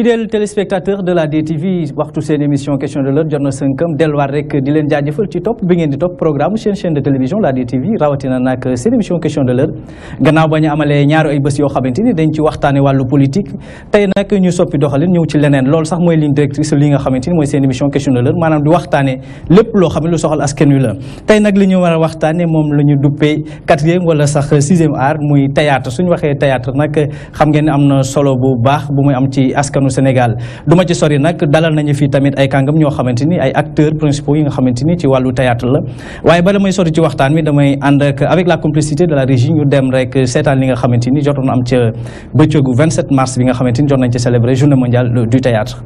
fidèle téléspectateur de la DTV waxtu seen émission question de l'heure jot 5 sënkam delluwaat rek di len jaajëfal ci top bi ngeen di top programme seen chaîne de télévision la DTV rawatina nak seen émission question de l'heure gannaaw ba amalé amalee ay bés yo xamante dañ ci walu politique tay nak ñu soppi doxalin ñëw ci lenen lool sax moy ligne directrice li nga xamante moy émission question de l'heure manam di le lepp lo xam lu soxal askan la tay nak li ñu wara mom la ñu wala sax sixième art muy théâtre suñ waxé théâtre nak xam ngeen ne solo bu baax bu muy am ci askanu Sénégal du ci sori nak dalal nañu fi tamit ay kangam ño xamanteni ay acteurs principaux yi nga xamanteni ci walu théâtre la waye ba may sori ci waxtaan mi damay and ak avec la complicité de la régie ñu dem rek sétal li nga xamanteni ni am ci bëccëgu 27 mars bi nga xamanteni ni jot nañ ci célébrer journée mondiale du théâtre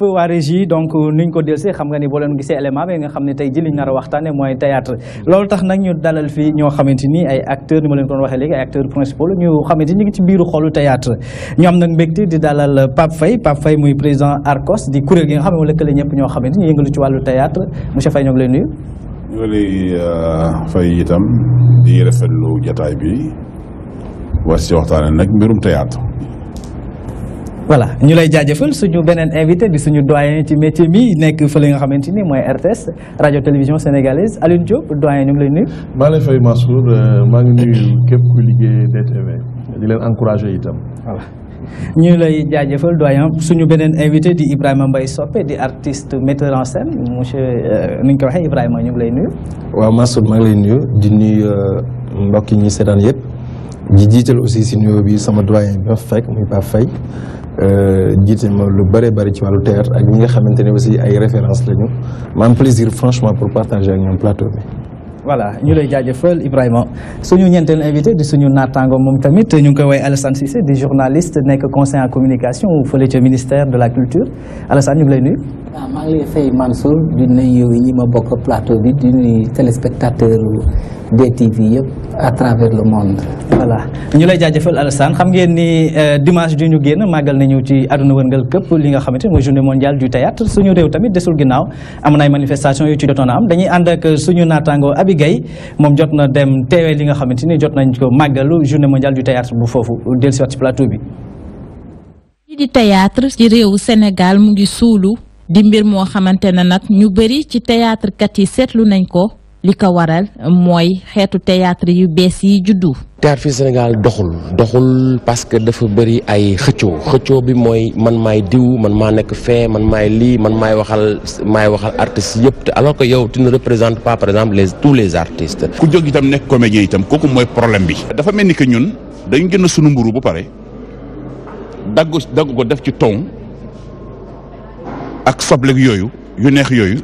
jërëjëf waa régie donc euh, nuñ ko delsee xam nga ni boo leen gisee élément bi nga xam ne tey ji liñ nar a waxtaane mooy théâtre loolu tax nag ñu dalal fii ñoo xamante ni ay acteurs ni ma leen ko doon waxee léegi ay acteurs principaux la ñu xamante ni ngi ci biiru xolu théâtre ñu ARCOS di kuréel gi nga xam ne mu lëkkale ñëpp ñoo xamante ni yëngalu ci wàllu théâtre monsieur Faye ñoo ngi lay nuyu ñoo lay euh, fay itam di rafetlu jataay bi war si nag mbirum théâtre voilà ñu lay jaajëfal suñu beneen invité di suñu doyen ci métier mi nekk fële nga xamante ni mooy RTS radio télévision sénégalaise Alioune Diop doyen ñu ngi lay nuyu. maa lay fay Massour euh, maa ngi nuyu képp ku liggéey DTV di encouragé itam. voilà ñu lay jaajëfal doyen suñu beneen invité di Ibrahima mbay Soppe di artist metteur en scène monsieur euh, nu ñu ko waxee Ibrahima ñu lay nuyu. waaw Massour maa ngi lay nuyu di nuyu euh, mbokk yi ñuy seetaan yëpp di jiital aussi si nuyoo bi sama doyen bi fa fekk muy Pape Faye Euh, jiite ma lu bëree bëri ci wàllu terre ak ñi nga xamante ne aussi ay références lañu ma am plaisir franchement pour partager ak ñoom plateau bi voilà ñu lay jaajëfal Ibrahima suñu ñeenteel invité di suñu Natango moom tamit ñu ngi koy woowee Alassane Cissé di journaliste nekk conseiller en communication fële ca ministère de la culture Alassane ñu ngi lay nuyu. waaw maa ngi fay Mansour di nuyu ñi ma bokk plateau bi di nuyu téléspectateur DTV yëpp à travers le monde. voilà ñu lay jaajëfal Alassane xam ngeen ni euh, dimanche du ñu génn màggal nañu ci àdduna wërngal këpp li nga xamante mooy journée mondiale du théâtre suñu réew tamit desul ginnaaw am na ay manifestations yu ci dotoon am dañuy ànd ak suñu naataango Naby Guèye moom jot na dem teewee li nga xamante ni jot nañ ko màggalu journée mondiale du théâtre bu foofu dellusiwaat ci plateau bi. lii di théâtre ci réewu Sénégal mu ngi suulu di mbir moo xamante ne nag ñu bëri ci théâtre kat yi seetlu nañ ko. li ko waral moy xeetu théâtre yu bess yi juddu. théâtre fi Sénégal doxul doxul parce que dafa bari ay xëccoo xëccoo bi moy man may diw man ma nek fé man may li man may waxal may waxal artiste yépp alors que yow tu ne représente pas par exemple les tous les artistes. ku jog itam nek comédien itam koku moy problème bi. dafa melni que ñun dañu gën suñu mburu bu pare dagg dagg ko def ci ton ak soble yoyu yu neex yoyu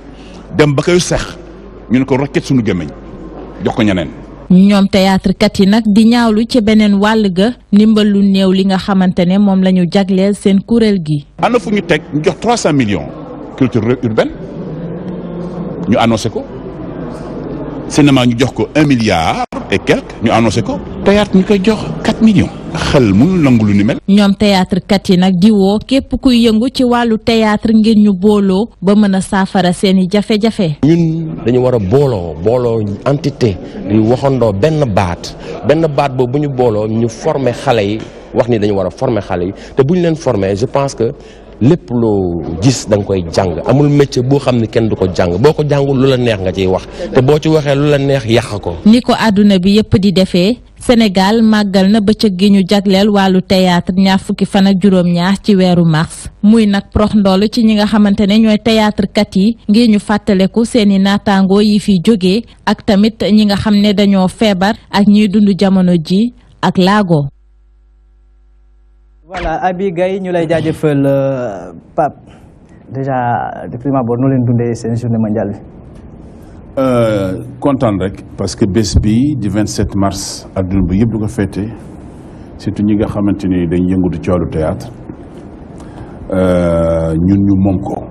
dem ba kay ñu ne ko rokket suñu gémmiñ jox ko ñeneen. ñoom théâtre yi nag di ñaawlu ci beneen wàll ga ndimbal lu néew li nga xamante ne moom la ñu jagleel seen kuréel gi. ana fu ñu teg ñu jox 300 millions culture urbaine ñu annoncé ko. cinéma ñu jox ko un milliard et quelque ñu annoncé ko théâtre ñu koy jox 4 millions xel mënul nangu lu ni mel ñoom théâtre kat yi nag di woo képp kuy yëngu ci wàllu théâtre ngir ñu booloo ba mën a saafara seeni jafe-jafe ñun dañu war booloo booloo entité di waxandoo benn baat benn baat boobu ñu booloo ñu former xale yi wax ni dañu war a former xale yi te bu ñu leen former je que lépp loo gis da koy jàng amul métier boo xam ne kenn du ko jàng boo ko jàngul lu la neex nga ciy wax te boo ci waxee lu la neex yàq ko. ni ko àdduna bi yépp di defee Sénégal màggal na bëccëg gi ñu jagleel wàllu théâtre ñaar fukki fan ak juróom-ñaar ci weeru mars muy nag prox ndool ci ñi nga xamante ne ñooy théâtre kat yi ngir ñu fàttaleku seeni naataangoo yi fiy jóge ak tamit ñi nga xam ne dañoo feebar ak ñiy dund jamono ji ak laago. voilà Abi Gaye ñu lay jaajëfal euh, Pape déjà depuis ma abord noo leen dundee seen journée mondiale bi. Content euh, rek parce que bés du 27 mars adduna bi yëpp du ko féete C'est ñi nga xamante ni dañ yëngatu ci wàllu théâtre euh, ñun ñu moom ko.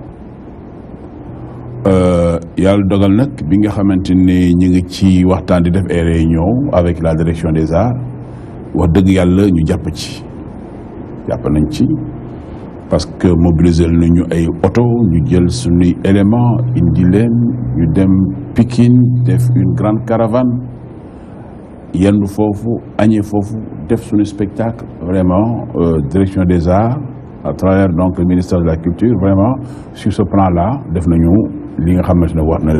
yàlla dogal nag bi nga xamante ni ñu ngi ci waxtaan di def ay réunion avec la direction des arts wax dëgg yàlla ñu jàpp ci y nañ ci parce que mobiliser nañu ay auto ñu jël suñuy élément indi leen du dem Pikine def une grande caravane yenn fofu añee fofu def suñu spectacle vraiment euh, direction des arts à travers donc le ministère de la culture vraiment sur ce plan là def nañu li nga xamante ne war na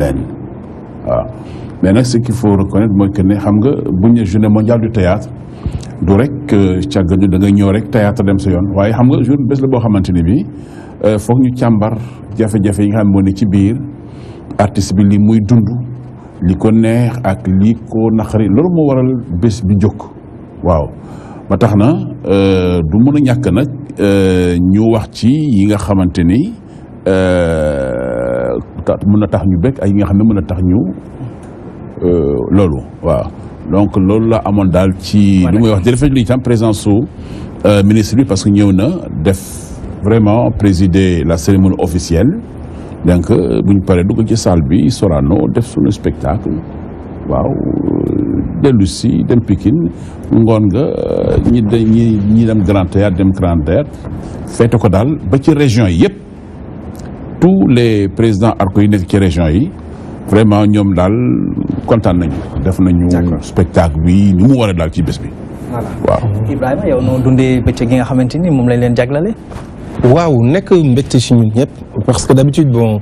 mais ce qu'il faut reconnaître c'est que nous xam nga journée mondiale du théâtre du rek euh, càggaju da nga ñëw rek théâtre dem sa yoon waye xam nga jour bés la bo xamanteni bi bi euh, fokk ñu ciambar jafe-jafe yi nga xam mo ni ci biir artiste bi li muy dund li ko neex ak li ko naxari lolu mo waral bés bi jokk waaw ba taxna euh du mëna ñak nak euh ñu wax ci yi nga xamanteni euh mën tax ñu bekk ay nga xam tax ñu euh, lolu waaw donc Lola la amoon daal ci li wax di rafetlu itam ministre lui parce que nous na def vraiment présider la cérémonie officielle donc euh, buñ paree dugg ci salle bi Sorano def spectacle waaw de Lucie dem Pikine ngoon nga euh, ñi ñi ñi dem Grand Théâtre dem Grand Théâtre feete ko daal ba ci région yi tous les présidents arco de nekk région yi vraiment ñom dal kontaan nañu. def nañu spectacle bi ni mu wara dal ci bës bi. waaw Ibrahima yow no dundé bëccëg gi nga xamante mom lañ leen jaglale. waaw nek mbégte ci ñun ñep parce que d'habitude bon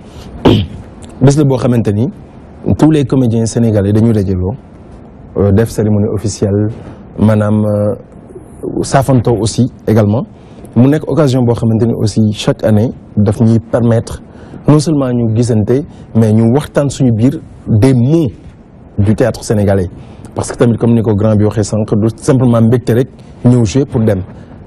bés la boo xamante tous les comédiens sénégalais dañu dajaloo euh, def cérémonie officielle manam euh, Safanto aussi également mu nek occasion bo xamante aussi chaque année daf ñuy permettre non seulement ñu gisante mais ñu waxtaan suñu biir des mots du théâtre sénégalais parce que tamit comme ni ko grand bi waxee simplement mbégte rek ñeu jouer pour dem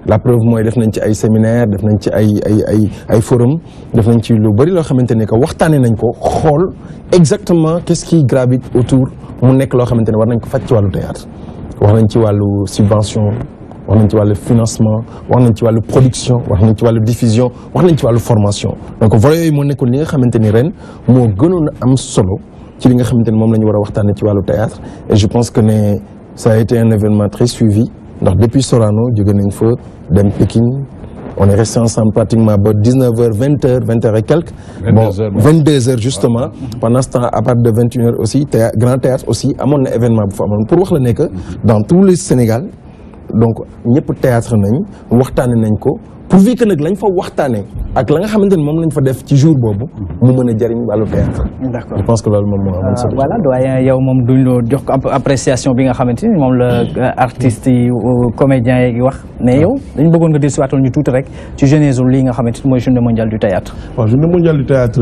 la preuve moy def nañ ci ay séminaire def nañ ci ay ay ay ay forum def nañ ci lu bari lo xamanténi ko waxtané nañ ko xol exactement qu'est-ce qui gravite autour mu nek lo xamanténi war nañ ko faj ci théâtre wax nañ ci walu subvention on a le financement on a le production on a diffusion on a la formation donc voilà, yooyu moo nekkoon li nga xamante ren solo ci li nga et je pense que ça a été un événement très suivi depuis Sorano jóge nañ dem Pékin, on est resté ensemble pratiquement à 19h 20h 20h et quelques. 22h 22h justement. pendant ce temps à partir de 21h aussi Grand Théâtre aussi à mon événement pour wax la que mm-hmm. dans tout le Sénégal donc ñepp théâtre nañ waxtaane nañ ko pourvu que nak lañ fa waxtaanee ak la nga xamanteni mom lañ fa def ci jour bobu mu mën a walu wàllu théâtre d'accord je pense que loolu mom moo am euh, solo voilà doyen yow mom duñ lo jox ko appréciation bi nga xamanteni mom le euh, artiste comédien yi wax né yow dañ bëggoon nga déssu watul ñu tout rek ci jeunesse li nga xamanteni moy mooy journée mondiale du théâtre wa journée mondiale du théâtre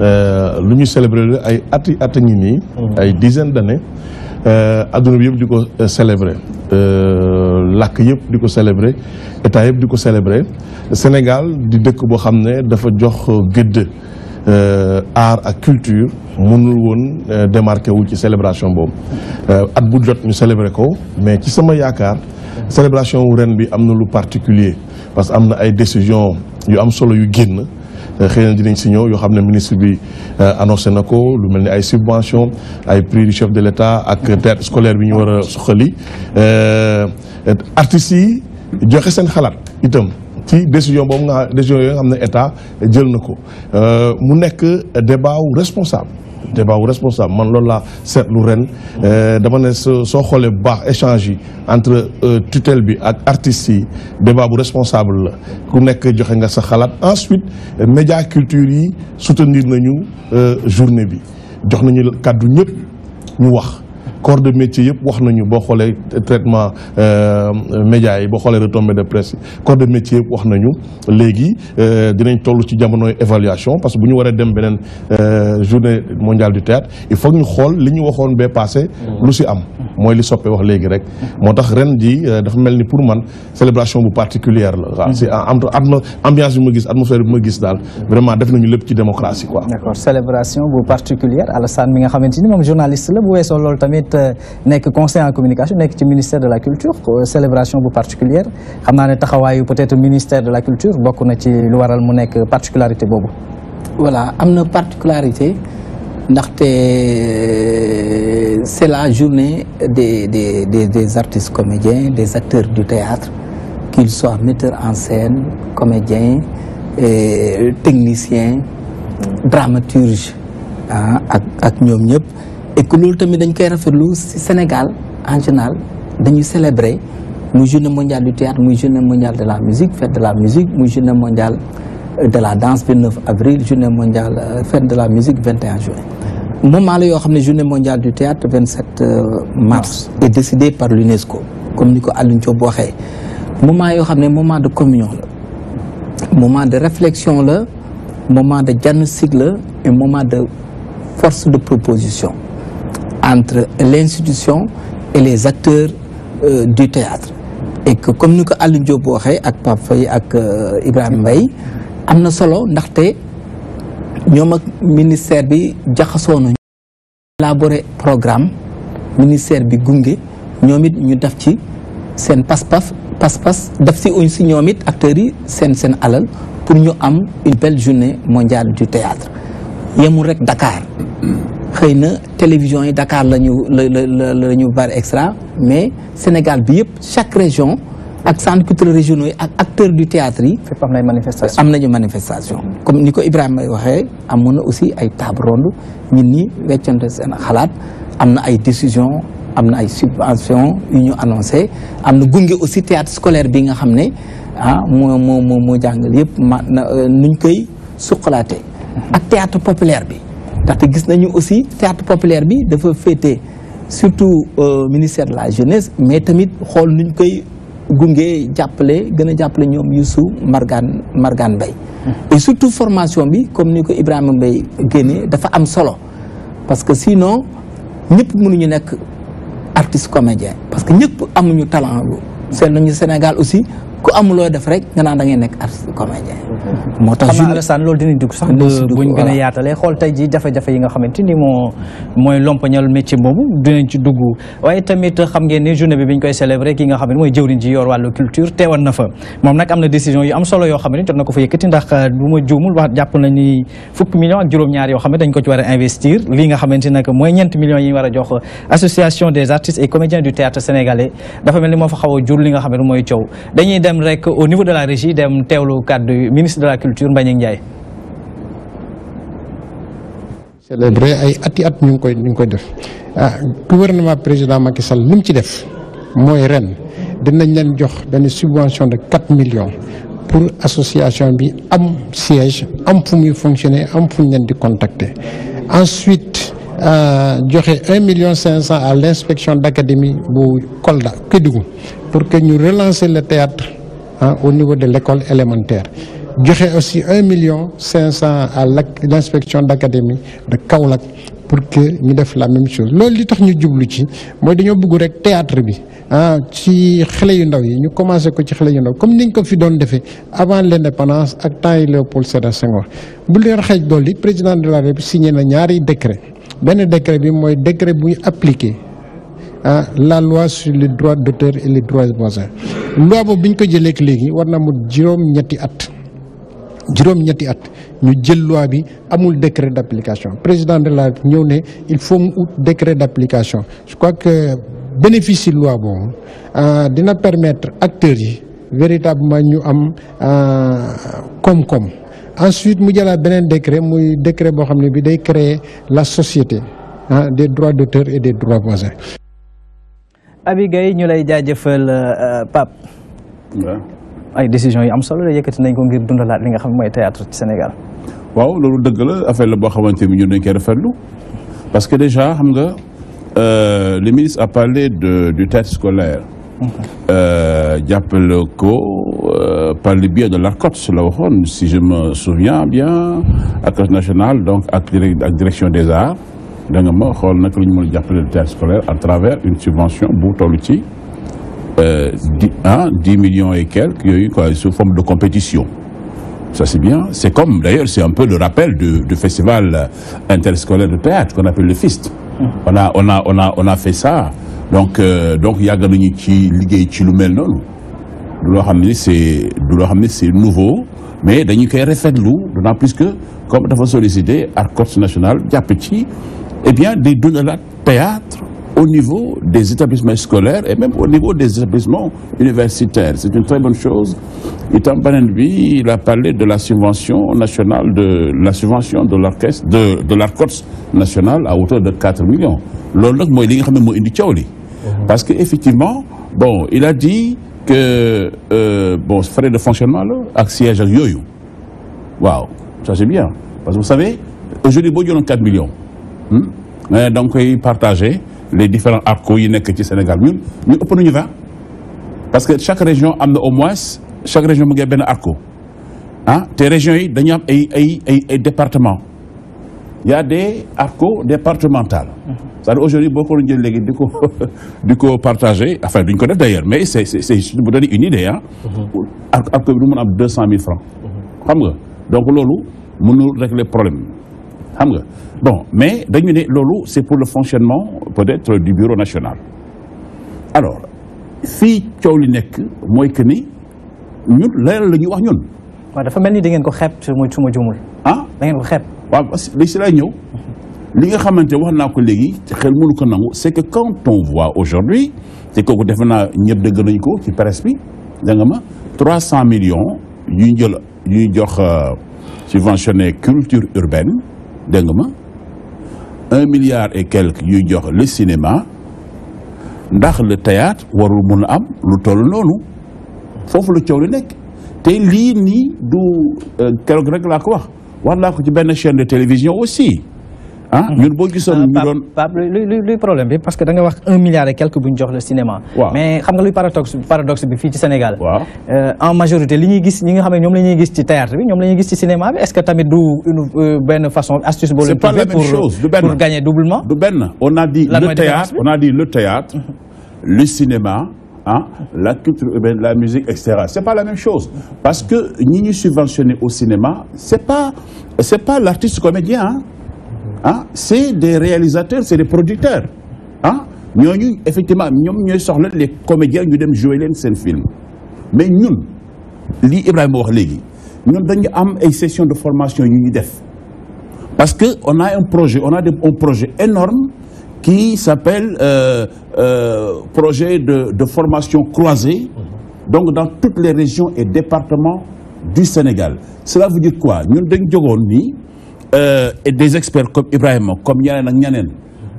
euh, lu ñu célébrer ay ati ati ñi nii mhm. ay dizaines d'années euh aduna bi yëpp diko célébrer euh lak yëpp di ko célébrer état yëpp di ko célébrer Sénégal di dëkk bo xamné dafa jox gëdd euh, art ak culture mënul won euh, démarqué wu ci célébration boobu euh, at bu jot ñu célébrer ko mais ci sama yaakaar célébration wu ren bi amna lu particulier parce que am ay décision yu am solo yu génn xëy dinañ si ñëw yoo xam ministre bi euh, annoncé nako lu melni ay subvention ay prix du chef de l'État ak terre scolaire bi ñu wara soxali euh artistes yi joxe seen xalat itam ci décision boobu nga décision yooyu nga xam état jël nako euh mu nekk débat responsable débat responsable man loolu cette Lorraine ren euh, dama ne soo xoolee bu baax entre euh, tutelle bi ak artistes débat bu responsable la ku nekk joxe nga sa ensuite média culture yi soutenir nañu euh, journée bi jox nañu kàddu ñu wax corps de métier pour wax nañu bo traitement euh, médias yi retombées de presse corps de métier pour wax nañu euh dinañ évaluation parce que si wara dem une euh journée mondiale du théâtre il faut ñu xol li ñu passé mm. lu am moy li soppé wax légui rek motax ren di euh, dafa melni pour man célébration bu particulière la waaw hmm. si ambiance bi ma gis atmosphère bi ma gis dal vraiment def nañu lepp ci démocratie quoi d'accord célébration bu particulière Alassane mi nga xamanteni mom journaliste la bu weesoo loolu tamit euh, nek conseil en communication nek ci ministère de la culture célébration bu particulière xamna né taxawayu peut-être ministère de la culture bokk na ci lu waral mu nek particularité bobu voilà amna particularité euh, c'est la journée des des des artistes comédiens des acteurs du théâtre qu'ils soient metteurs en scène comédiens et euh, techniciens dramaturges hein, ak ak et que nous tamit dañ koy au Sénégal en général dañuy célébrer le journée mondiale du théâtre le journée mondiale de la musique fête de la musique le journée mondiale euh, de la danse 29 avril journée mondiale fête de la musique 21 juin moment la journée mondiale du théâtre 27 euh, mars est décidé par l'UNESCO comme nous le dit Diop moment yoo le moment de communion un moment de réflexion le, moment de diagnostic le moment de force de proposition entre l'institution et les acteurs euh, du théâtre et que comme nous l'avons dit, à ak Pape Faye ak euh, Ibrahim Mbaye am solo ñoom ak ministère bi jaxasoo nañu élaboré programme ministère bi gunge ñoom it ñu def ci seen pas-pas pas-pas def si uñ si ñoom it acteurs yi seen seen alal pour ñu am une belle journée mondiale du théâtre yemul rek Dakar xëy na télévision yi Dakar la ñu la la la ñu bari extra mais Sénégal bi yëpp chaque région ak centre culturel régionaux ak acteurs du théâtre yi. fépp am nañu manifestation am nañu manifestation. comme Nico Ibrahim Ibrahima waxee aussi ay table ronde ñun ñi weccante seen xalaat am na ay décisions amna ay subventions yu ñu annoncé amna na aussi théâtre scolaire bi nga xamné ah mo moo moo moo jàngal euh, nuñ koy suqalaate. Mhm. ak théâtre populaire bi. ndaxte gis nañu aussi théâtre populaire bi dafa féete surtout euh, ministère de la jeunesse mais tamit xol nuñ koy. gunge jàppale gën a jàppale ñoom Youssou Margane Margane Mbaye et surtout formation bi comme ni ko Ibrahima Mbaye génnee dafa am solo parce que sinon ñëpp mënuñu nekk artiste comédien parce que ñëpp amuñu talent lu seen nañu Sénégal aussi ku am def rek nga naan da ngay nekk artiste comédien. tax xam naa Alassane loolu dinañ dugg sax. buñ gën a yaatalee xool tey jii jafe-jafe yi nga xamante ni moo mooy lompañal métier boobu dinañ ci dugg. waaye tamit xam ngeen ni journée bi biñ koy célébrer ki nga xam ne mooy jëwriñ ji yor wàllu culture teewoon na fa moom nag am na décision yu yoo xam ne jot na ko fa yëkkati ndax euh, bu ma juumul wax jàpp na ni juróom-ñaar yoo xam ne dañ ko ci war a investir lii nga xamante ne mooy ñeenti million yi ñu war a jox association des artistes et comédiens du théâtre sénégalais dafa mel ni moo fa xaw jur li nga xam ne mooy coow dañuy dem rek au niveau de la régie dem cadre du ministre de la culture Mbagnick Ndiaye. célébré ay atti at ñu koy def ah gouvernement président Makissal, Sall li fait. ci def ren dinañ len jox ben subvention de 4 millions. pour association bi am siège am pour mieux fonctionner am fu len di contacter ensuite euh, joxe 1 million à l'inspection d'académie pour que nous relancer le théâtre hein, au niveau de l'école élémentaire. J'ai aussi 1 million 500 à l'inspection d'académie de Kaolack pour que ñu def la même chose loolu li tax ñu jublu ci mooy dañoo bëgg rek théâtre bi ah ci avons yu ndaw yi ñu commencé ko ci xale comme nous l'avons fait avant l'indépendance et ak temps yi Léopold Sédar Senghor bu le président de la République signé un ñaari décret benn décret bi un décret bu appliqué. Hein? la loi sur les droits d'auteur et les droits voisins loi que bi ñu ko jëlee ak war na at décret d'application président de la République il faut un décret d'application je crois que le bénéfice loi boobu euh, dina permettre acteurs véritablement ñu am comme euh, ensuite nous y un décret un décret qui a créé créer la société hein, des droits d'auteur et des droits voisins Abi Gaye ñu lay le euh, euh, Pape. ay décision yi am solo la yëkkati nañ ko ngir dundalaat li nga xam mooy théâtre ci Sénégal. waaw loolu dëgg la le la boo xamante ni ñun qu'elle koy rafetlu parce que déjà xam nga euh, le ministre a parlé de du test scolaire. Mhm. jàppale ko par le biais de l'ARCOT la si je me souviens bien. ak national donc à direction des arts à travers une subvention 10 euh, ah, millions et quelques sous forme de compétition. Ça c'est bien c'est comme d'ailleurs c'est un peu le rappel du festival interscolaire de théâtre qu'on appelle le FIST. Mm-hmm. on a on a on a on a fait ça donc euh, donc y des ci gens ci lu mel non c'est nouveau, c'est du des gens c'est nouveau mais dañu puisque, comme d'autant plus que comme Nationale, il y national des ci eh bien, des de théâtre au niveau des établissements scolaires et même au niveau des établissements universitaires. C'est une très bonne chose. Et en Banenbi, il a parlé de la subvention nationale, de la subvention de l'orchestre, de, de national à hauteur de 4 millions. Mhm. Parce qu'effectivement, bon, il a dit que, euh, bon, ce frais de fonctionnement, là, accès à Yoyo. Waouh, ça c'est bien. Parce que vous savez, aujourd'hui, il y a 4 millions. Hmm? Eh, donc partager les différents arcos qui sont ci Sénégal Mais ñu parce que chaque région a au moins chaque région a un ARCO tes régions yi dañu am ay ay ay y a des arcos départementales mhm. aujourd'hui beaucoup de jël partager enfin connaître d'ailleurs mais c'est c'est donner une idée hein arco 200 200 francs donc mhm. nga donc loolu mënul régler problème xam bon mais dañu ne loolu c'est pour le fonctionnement peut-être du bureau national alors si coow li nekk mooy que ni ñun la ñuy wax ñun. waaw dafa mel ni da ngeen ko xeeb su ma su ma jumul. ah da ngeen ko xeeb. waaw parce que li si laay ñëw mhm. li nga xamante wax naa ko léegi xel mënu ko nangu c'est que quand on voit aujourd'hui c'est kooku defe naa ñëpp dëgg nañ ko ci presse bi da nga ma 300 millions yuy jël yuy jox euh, subventionné culture urbaine un milliard et quelques yu le cinéma le théâtre warul am lu toll noonu fofu le li te li ni du euh, rek la ko wax ko chaîne de télévision aussi le hein? mm-hmm. euh, problème parce que da un milliard et quelques le cinéma. mais xam nga paradoxe paradoxe Sénégal. Euh, en majorité li théâtre cinéma est ce que une euh, façon astuce. pour gagner doublement. on a dit le théâtre on a dit le théâtre le cinéma. Hein, la culture urbaine, la musique, etc. Ce n'est pas la même chose. Parce que ni subventionné au cinéma, c'est n'est pas, pas l'artiste comédien. Hein. Hein? c'est des réalisateurs c'est des producteurs ah effectivement nous, nous sommes les comédiens ñu dem jouer dans ces film mais nous, nous, Ibrahim wax léegi une session de formation à l'UNIDEF. parce qu'on a un projet on a un projet énorme qui s'appelle euh, euh, projet de, formation croisée donc dans toutes les régions et départements du Sénégal cela veut dire quoi Nous avons un euh, et des experts comme Ibrahim, comme ñeneen ak ñeneen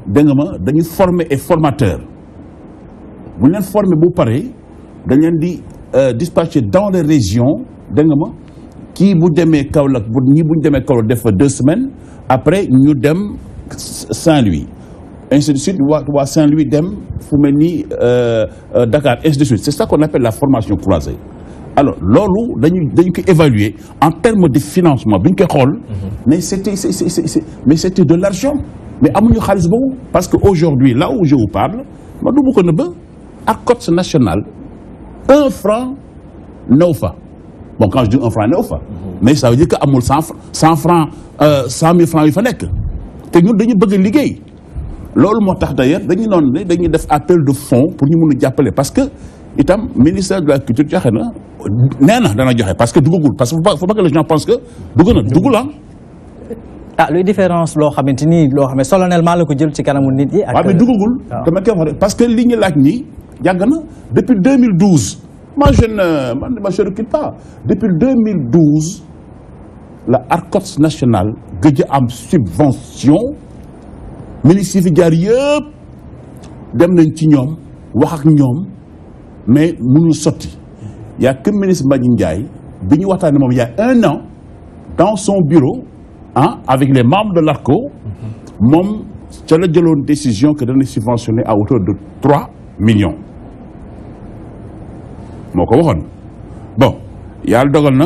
dégg former et formateur bu les leen pour bu pare dañ leen di euh, dispatcher dans les régions qui nga ma kii bu demee Kaolack bu deux semaines après ñu dem Saint-Louis ainsi de suite waa à Saint-Louis dem fu mel euh, euh, Dakar ainsi de suite c'est ça qu'on appelle la formation croisée alors loolu dañu dañu en termes de financement mhm. mais c'était de l'argent mais à de parce qu'aujourd'hui, là où je vous parle ma du bu ko nationale un franc nofa bon quand je dis un franc nofa mhm. mais ça veut dire que y a 100 francs francs il fa nekk nous devons dañu bëgg liggéey loolu d'ailleurs dañu noonu appel de fonds pour nous appeler. parce que et itam ministère de la culture il n'y a pas dana joxe parce que il parce que faut pas que les gens pensent que dugg na duggul ah. ah différence loo xamante ni mais xam solennellement la que jël ci kanamu nit yi. ak mais duggagul. parce que li ñu laaj nii depuis 2012. moi je ne man ma je ne pas depuis 2012 la ARCOS nationale gëj a am subvention ministre yi fi jaar yëpp dem nañ ci ñoom wax ak mais sortons. Il y' a que ministre Mbagnick Ndiaye y' a un an dans son bureau hein, avec les membres de l'ARCO il a la une décision que dana subventionner à hauteur de 3 millions Bon, il y bon a le na.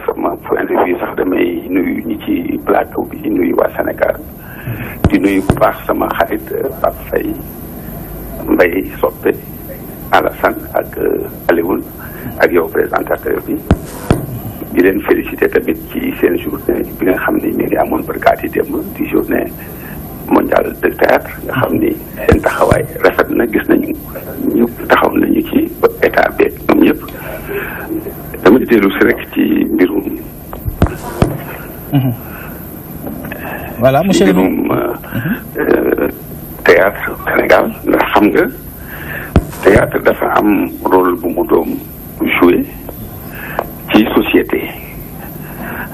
ma fu interview sax damay nuyu ñi ci plateau bi nuyu waa Sénégal di nuyu bu baax sama xarit euh, Pape Faye Mbaye Soppe Alassane ak euh, Alioune ak yow présentateur bi di leen félicité tamit ci seen journée bi nga xam ni mi ngi amoon barkaati démb di journée mondiale de théâtre nga xam ni seen taxawaay rafet na gis nañu ñu taxaw nañu ci état beeg ñoom ñëpp dama ci rek ci mbirum. Mhm. voilà mbirum euh, euh, théâtre Sénégal ndax xam nga théâtre dafa am rôle bu mu doom joué ci société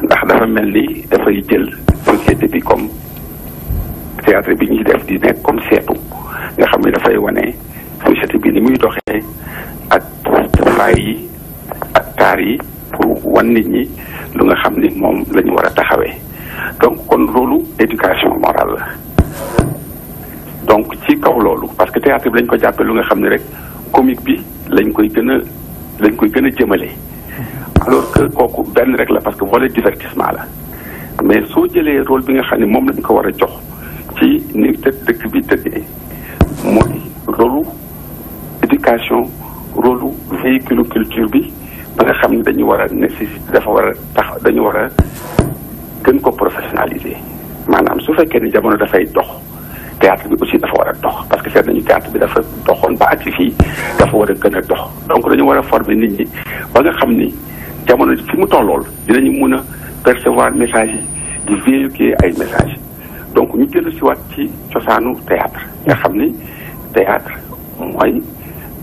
ndax dafa mel ni dafay jël société bi comme théâtre bi ñuy def di comme seetu nga xam ne dafay wane société bi ni muy doxee ak faay Dakar yi wan nit ñi lu nga xam ni moom la war a taxawee donc kon loolu éducation morale la donc ci kaw loolu parce que théâtre bi lañ ko jàppee lu nga xam ni rek comique bi lañ koy gën a lañ koy gën a jëmale alors que kooku benn rek la parce que volet divertissement la mais soo jëlee rôle bi nga xam ne moom lañ ko war a jox ci ni dëkk bi tëddee mooy rôlu éducation rôlu véhicule culture bi ba nga xam ne dañu war a nécessité dafa war a tax dañu war a gën ko professionnaliser maanaam su fekkee ni jamono dafay dox théâtre bi aussi dafa war a dox parce que seet nañu théâtre bi dafa doxoon ba agsi fii dafa war a gën a dox donc dañu war a former nit ñi ba nga xam ni jamono fi mu tollool dinañu mën a percevoir message yi di véhiculer ay message donc ñu dellu si waat ci cosaanu théâtre nga xam ni théâtre mooy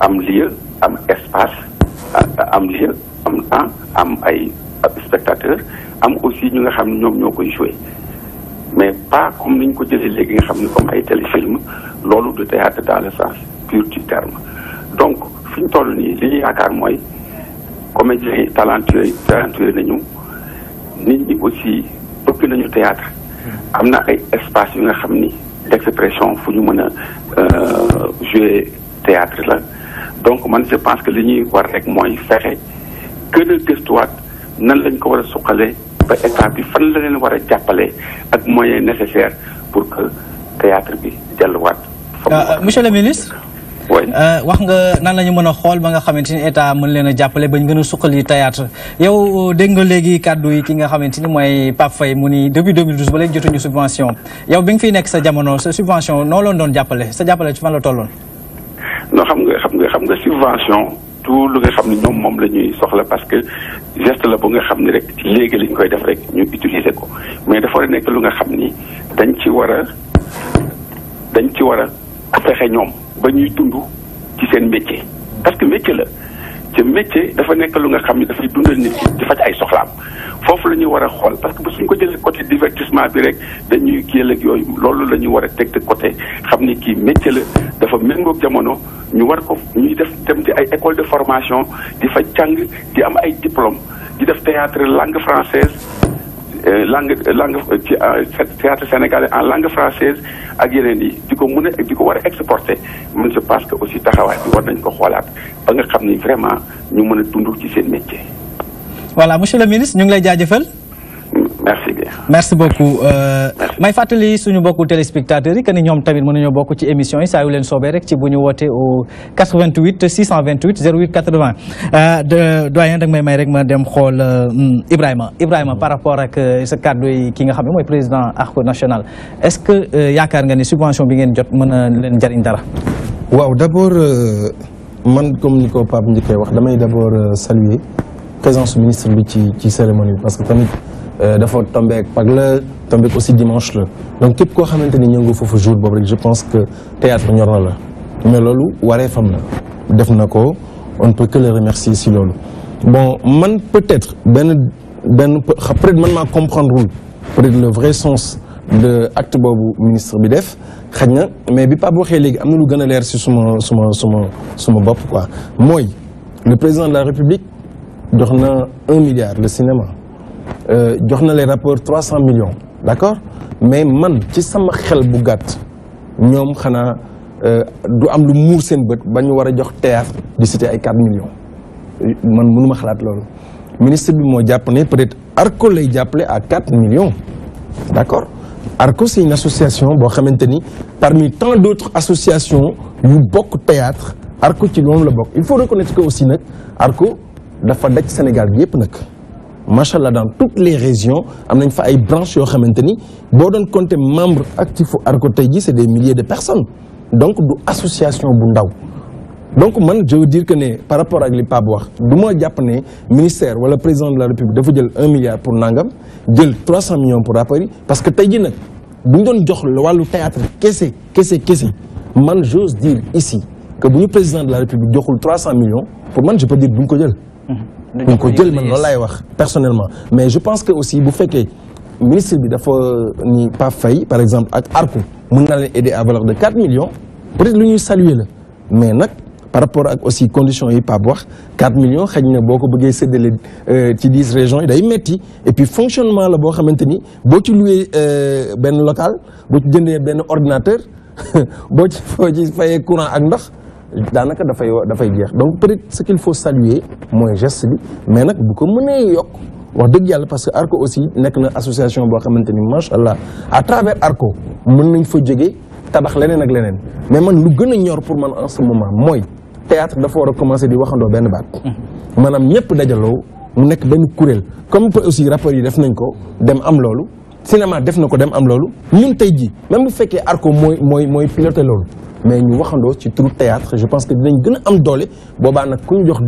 am lieu am espace am jeu am am ay spectateurs am aussi ñu nga xam ñoom mais pas comme ni ko comme ay téléfilm du théâtre dans le sens pur du terme donc fi toll ni li talentueux talentueux nañu nit ñi aussi bëgg nañu théâtre am ay espace yi nga d'expression fu ñu euh, jouer théâtre la donc man je pense que li ñuy war rek mooy fexe gën a gëstuwaat nan lañ ko war a suqalee ba état bi fan la leen war a jàppalee ak moyens nécessaires pour que théâtre bi delluwaat. Euh, monsieur le ministre. Euh, wax nga nan la ñu mën a xool ba nga xamante ni état mën leen a jàppale ba ñu gën a suqali théâtre yow dégg nga léegi kàddu yi ki nga xamante ni mooy Pape Faye mu ni depuis 2012 ba léegi jotuñu subvention yow bi nga fi nekk sa jamono sa subvention noo loon doon jàppale sa jàppale ci fan la tolloon. xam nga subvention tout lu nga xam ne ñoom moom la ñuy soxla parce que geste la bu nga xam ne rek léegi lañ koy def rek ñu utiliser ko mais dafa war a nekk lu nga xam ni dañ ci war a dañ ci war a fexe ñoom ba ñuy dund ci seen métier parce que métier la ci métier dafa nekk lu nga xam ne dafay dundal nit ki di faj ay soxlaam foofu la ñuy war a xool parce que bu suñ ko jëlee côté divertissement bi rek dañuy kii ak yooyu loolu la ñuy war a teg de côté xam ni kii métier la dafa méngoog jamono ñu war ko ñuy def dem ci ay école de formation di faj jàng di am ay diplôme di def théâtre langue française Euh, langue euh, langue euh, ci théâtre sénégalais en langue française ak yeneen yi di ko mun a di ko war a exporter man je pense que aussi taxawaay bi war nañ ko xoolaat ba nga xam ni vraiment ñu mën a dund ci seen métier. voilà monsieur le ministre ñu ngi lay jaajëfal. merci bien merci beaucoup. Euh, may fàttali suñu bokku téléspectateurs yi que ni ñoom tamit mën nañoo bokk ci émission yi saa yu leen soobee rek ci bu ñu au 88 628 08 80 de doyen dag may may rek ma dem xool euh, hmm, Ibrahim, Ibrahima par rapport ak ce euh, cadre yi ki nga xam ne président ARCO national est-ce que yaakaar nga ni subvention bi ngeen jot mën a leen jariñ dara. waaw d'abord man comme ni ko Pape Ndike wax damay d'abord saluer présence ministre bi ci ci cérémonie parce que tamit. Euh, dafa tomber pag la aussi dimanche là donc képp koo xamante ni ñëngu foofu jour boobu je pense que théâtre ñor na la mais lolo waree fam la def on ne peut que le remercier si lolo bon man peut-être ben ben peut-être man m'a comprendre peut-être le vrai sens de acte bobu ministre bi def xaj mais bi Pape waxee légui am lu gëna a leer suma suma suma suma bop quoi moy le président de la République doxna 1 un milliard le cinéma euh, jox na les rappeurs 300 millions D'accord mais man ci sama xel bu gàtt ñoom xanaa euh, du am lu mour seen beut bañu wara war a jox di cité ay 4 millions man mënuma xalat loolu ministre bi mo japp né peut-être ARCO lay jàppale à 4 millions D'accord ARCO c'est une association bo xamanteni parmi tant d'autres associations yu bokk théâtre ARCO ci loolu la bokk il faut reconnaître que aussi nak ARCO dafa daj Sénégal yépp nak macha dans toutes les régions il y fa ay branches qui xamante ni boo doon compter membre ARCO des milliers de personnes donc du association bu donc moi je veux dire que par rapport à li Pape wax du ma jàpp ne ministère le président de la république dafa dire 1 milliard pour nangam jël 300 millions pour rapport parce que si jii nag le théâtre. quest jox ce théâtre quest Je veux man j'ose dire ici que le président de la république joxul 300 millions pour moi je peux dire bu ko mhm duñ ko jël man loolu wax personnellement mais je pense que aussi bu fekkee ministre bi dafa ni pas Faye par exemple ak Arco mën na leen aider à valeur de 4 millions peut-être lu ñuy saluer la mais nag par rapport ak aussi conditions yi pas wax 4 millions xaj na boo ko bëggee séddale euh, ci 10 régions yi day metti et puis fonctionnement la bo xamanteni bo boo ci loué ben local bo ci jëndé ben ordinateur bo ci foo ci fayee courant ak ndox fay da fay jeex donc peut être ce qu'il faut saluer mooy geste bi mais nak bu ko mënee yok wax deug yalla parce que ARCO aussi nek na association bo xamanteni machallah à travers ARCO mën nañ fa jógee tabax lenen ak lenen mais man lu gën ñor pour man en ce moment moy théâtre da fo a commencé di waxando benn baat mm-hmm. manam ñëpp dajalo mu nek benn kuréel comme aussi rapport yi def nañ ko dem am lolu cinéma def dem am loolu ñun tay ji même bu Arco moy moy moy piloté mais ñu ci trou théâtre je pense que dinañ gëna am doole boba nak ku ñu jox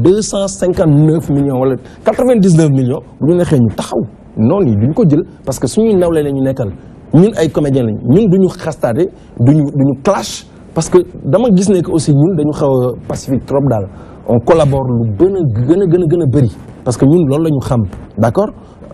millions wala 99 millions bu ñu nexé ñu taxaw non ko jël parce que suñu nawlé la ñu nekkal ñun ay comédiens lañ ñun duñu xastaate duñu duñu clash parce que dama gis né que aussi ñun dañu xaw pacifique trop dal on collabore lu gën gëna gëna gëna bëri parce que ñun loolu lañu xam d'accord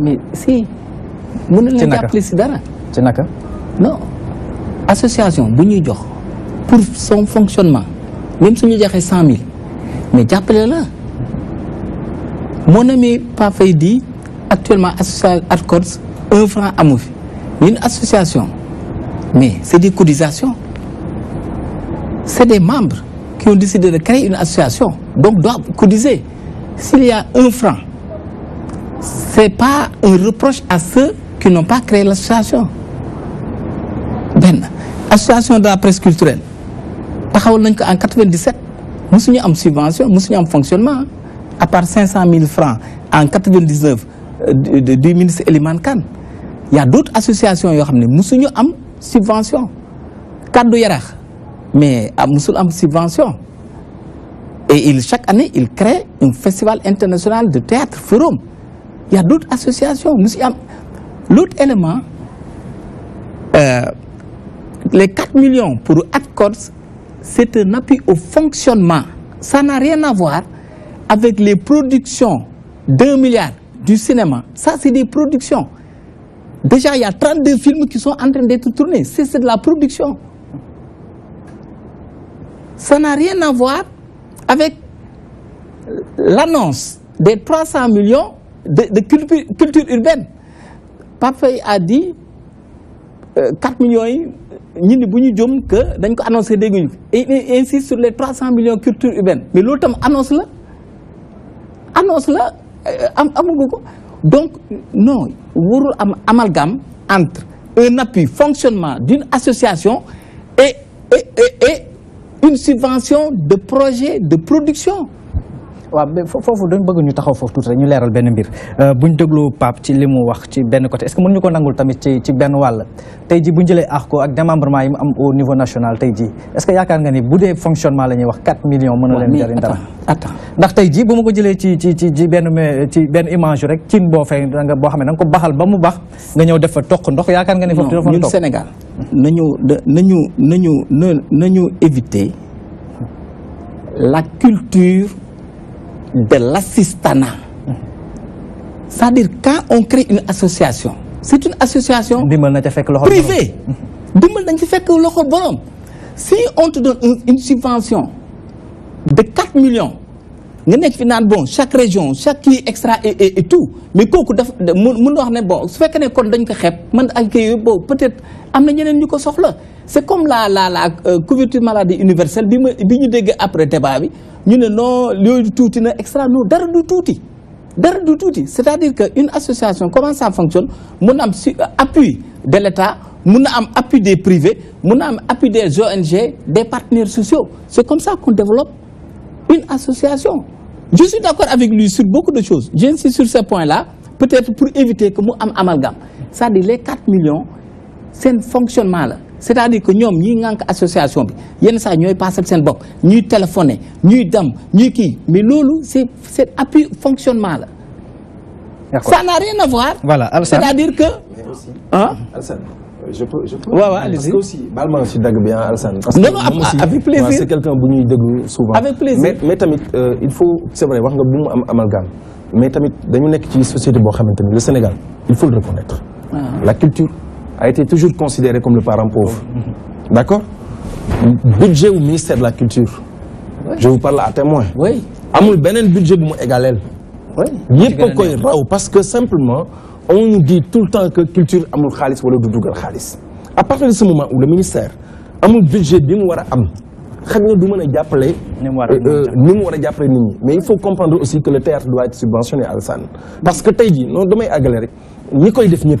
mais si. vous ne pas pas appeler non association si pour son fonctionnement même suñu avons 100 000 mais appelez la mon ami Pa actuellement association ARCOS un franc à mouf. une association mais c'est des cotisations c'est des membres qui ont décidé de créer une association donc doivent cotiser s'il y a un franc ce n'est pas un reproche à ceux qui n'ont pas créé l'association. Ben, association de la presse culturelle En 1997, nous en une subvention, am subvention un fonctionnement hein. à part 500 000 francs en 99 euh, du ministre Khan, il y a d'autres associations qui ont une subvention kaddu mais a une une subvention et chaque année il crée un festival international de théâtre forum il y a d'autres associations. L'autre élément, euh, les 4 millions pour AdCords, c'est un appui au fonctionnement. Ça n'a rien à voir avec les productions d'un milliard du cinéma. Ça, c'est des productions. Déjà, il y a 32 films qui sont en train d'être tournés. C'est de la production. Ça n'a rien à voir avec l'annonce des 300 millions de, culture, urbaine. Pape a dit 4 euh, millions nous avons ni que dañ ko et insiste sur les 300 millions de culture urbaine mais l'autre annonce la annonce la euh, am donc non warul amalgame entre un appui fonctionnement d'une association et, et une subvention de projet de production waaw foofu dañ bëgg ñu taxaw fofu tout rek ñu léral benn mbir euh, buñ déglu pap ci limu wax ci benn côté est-ce que mën ñu ko nangul tamit ci ci benn wall tay ji buñ jëlé ax ko ak démembrement yi mu am au niveau national tay ji est-ce que yaakaar nga ni bu dé fonctionnement lañuy wax 4 millions mën leen jarin dara attends ndax tay ji bu ma ko jëlee ci ci ci ci benn ci benn image rek ci bo fay nga bo xam nang ko baxal ba mu bax nga ñëw def fa ndox yaakaar nga ni fofu dafa Sénégal nañu nañu nañu nañu éviter la culture de l'assistanat. C'est-à-dire, quand on crée une association, c'est une association privée. Si on te donne une, subvention de 4 millions, bon, chaque région, chaque qui extra et, et, tout, mais quand on peut-être c'est comme la la la euh, couverture maladie universelle après débat nous ñu ne extra nous dara du c'est-à-dire qu'une association comment ça fonctionne On na euh, appui de l'État mon na appui des privés mon na appui des ONG des partenaires sociaux c'est comme ça qu'on développe une association je suis d'accord avec lui sur beaucoup de choses j'insiste sur ce point-là peut-être pour éviter que mu am amalgame c'est-à-dire les 4 millions c'est un fonctionnement là c'est-à-dire que nous, ñiy une association bi yenn saa ñooy passé seen bopp ñuy téléphoné ñuy dem ñuy kii mais loolu c'est c'est appui fonctionnement Là. ça n'a rien à voir. voilà c'est-à-dire que. mais aussi ah. Alassane euh, je peux je peux. y parce que aussi baal maa si dagg bi hein, Alassane. parce que ah, avec plaisir c'est quelqu'un qui nous souvent. avec plaisir mais mais tamit euh, il faut c'est vrai wax ne bu pas am amalgame mais tamit dañu dans ci société boo xamante le Sénégal il faut le reconnaître ah. la culture a été toujours considéré comme le parent pauvre. Mhm. D'accord Budget au ministère de la Culture. Je vous parle à témoin. Oui. Amul benen budget bu mu égalel. Oui. Yépp de raw parce que simplement on nous dit tout le temps que culture amul khalis wala du dugal khalis. À partir de ce moment où le ministère amul budget bi wara am a jàppale ni mu nit ñi mais il faut comprendre aussi que le théâtre doit être subventionné à Alassane parce que tey jii noonu damay àggale rek ñi koy def ñëpp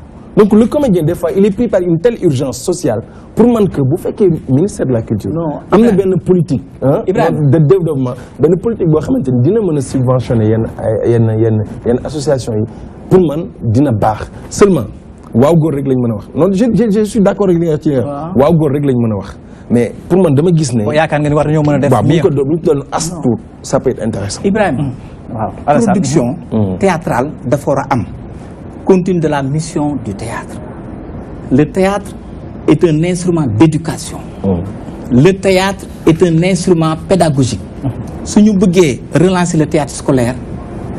donc le comédien des fois il est pris par une telle urgence sociale pour man que que le ministère de la culture. Non, a une politique. Hein, de développement une politique qui xamante dina subventionner yenn association yi pour man dina baax seulement waw góor rek lañ a wax non je je suis d'accord avec les Il nga ci waaw góor rek wax mais pour man dama gis ne. yaakaar nga ni war nañoo mën def. bu ko doon bu ñu ça peut être intéressant. Ibrahim, mm. waaw production mm. théâtrale dafa war a am continue de la mission du théâtre. Le théâtre est un instrument d'éducation. Oh. Le théâtre est un instrument pédagogique. Si nous voulons relancer le théâtre scolaire,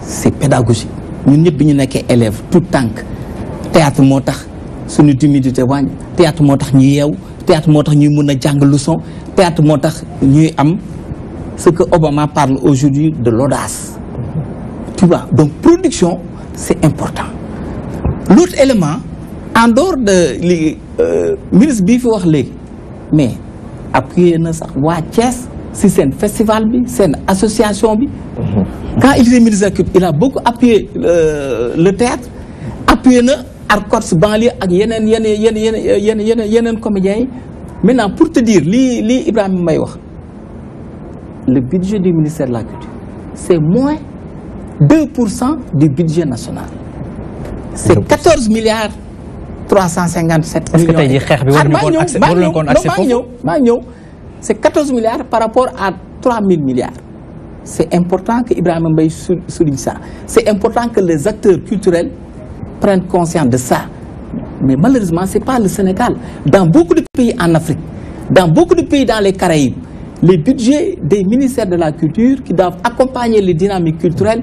c'est pédagogique. Nous sommes tous élèves, tout tant que théâtre motax suñu timidité wañ théâtre motax théâtre, le théâtre motax ñuy mëna le leçon théâtre motax ñuy am ce que Obama parle aujourd'hui de l'audace. Tu vois, donc production, c'est important l'autre élément en dehors de euh, ministre bii mais après, na sax si festival bi une association mhm. quand il est ministre de la culture il a beaucoup appuyé euh, le théâtre appuyé na Arcos banlieue ak Yenen comédiens maintenant pour te dire ce Ibrahim le budget du ministère de la culture c'est moins 2 du budget national c'est 14 milliards 357 millions. est-ce que ah, c'est 14 milliards par rapport à 000 milliards. c'est important que Ibrahim Mbaye souligne ça c'est important que les acteurs culturels prennent conscience de ça mais malheureusement c'est pas le Sénégal dans beaucoup de pays en Afrique dans beaucoup de pays dans les Caraïbes les budgets des ministères de la culture qui doivent accompagner les dynamiques culturelles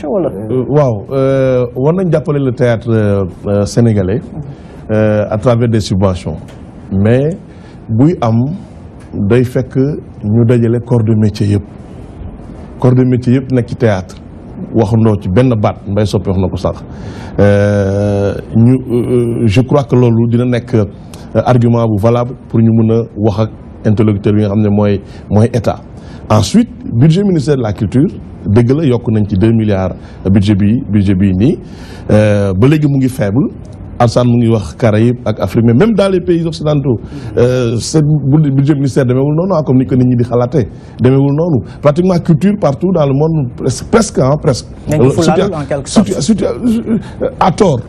formation wala. Euh, waaw euh, war nañ jappalé le théâtre euh, sénégalais euh à travers des subventions mais buy am day fekk ñu dajalé corps de métier yépp corps de métier yépp nak ci théâtre waxandoo ci ben baat mbay soppé wax na ko sax ñu je crois que lolu dina nek argument bu valable pour ñu mëna wax ak interlocuteur bi nga xamné moy moy état ensuite le budget ministère de la culture il y a 2 ci milliards budget budget ni Euh, ba faible Alsane mu ngi wax Caraïbes ak Afrique mais même dans les pays occidentaux euh, le budget ministère de non ah comme ni ko nit ñi di pratiquement culture partout dans le monde presque presque. sorte euh, à tort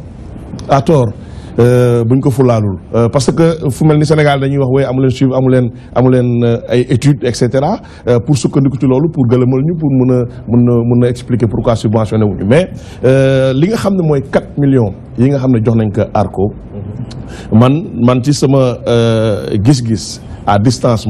à tort. Euh, buñ ko fulalul euh, parce que fu melni ni Sénégal dañuy wax way amu leen suivi amu leen amu leen euh, ay études et cetera pour sukkandiku ci lolu pour gëlemal ñu pour mëna mëna mëna expliquer pourquoi subventionné wuñu mais li nga xam moy 4 millions yi nga xam jox nañ ko ARCO mhm. man man ci sama gis-gis à distance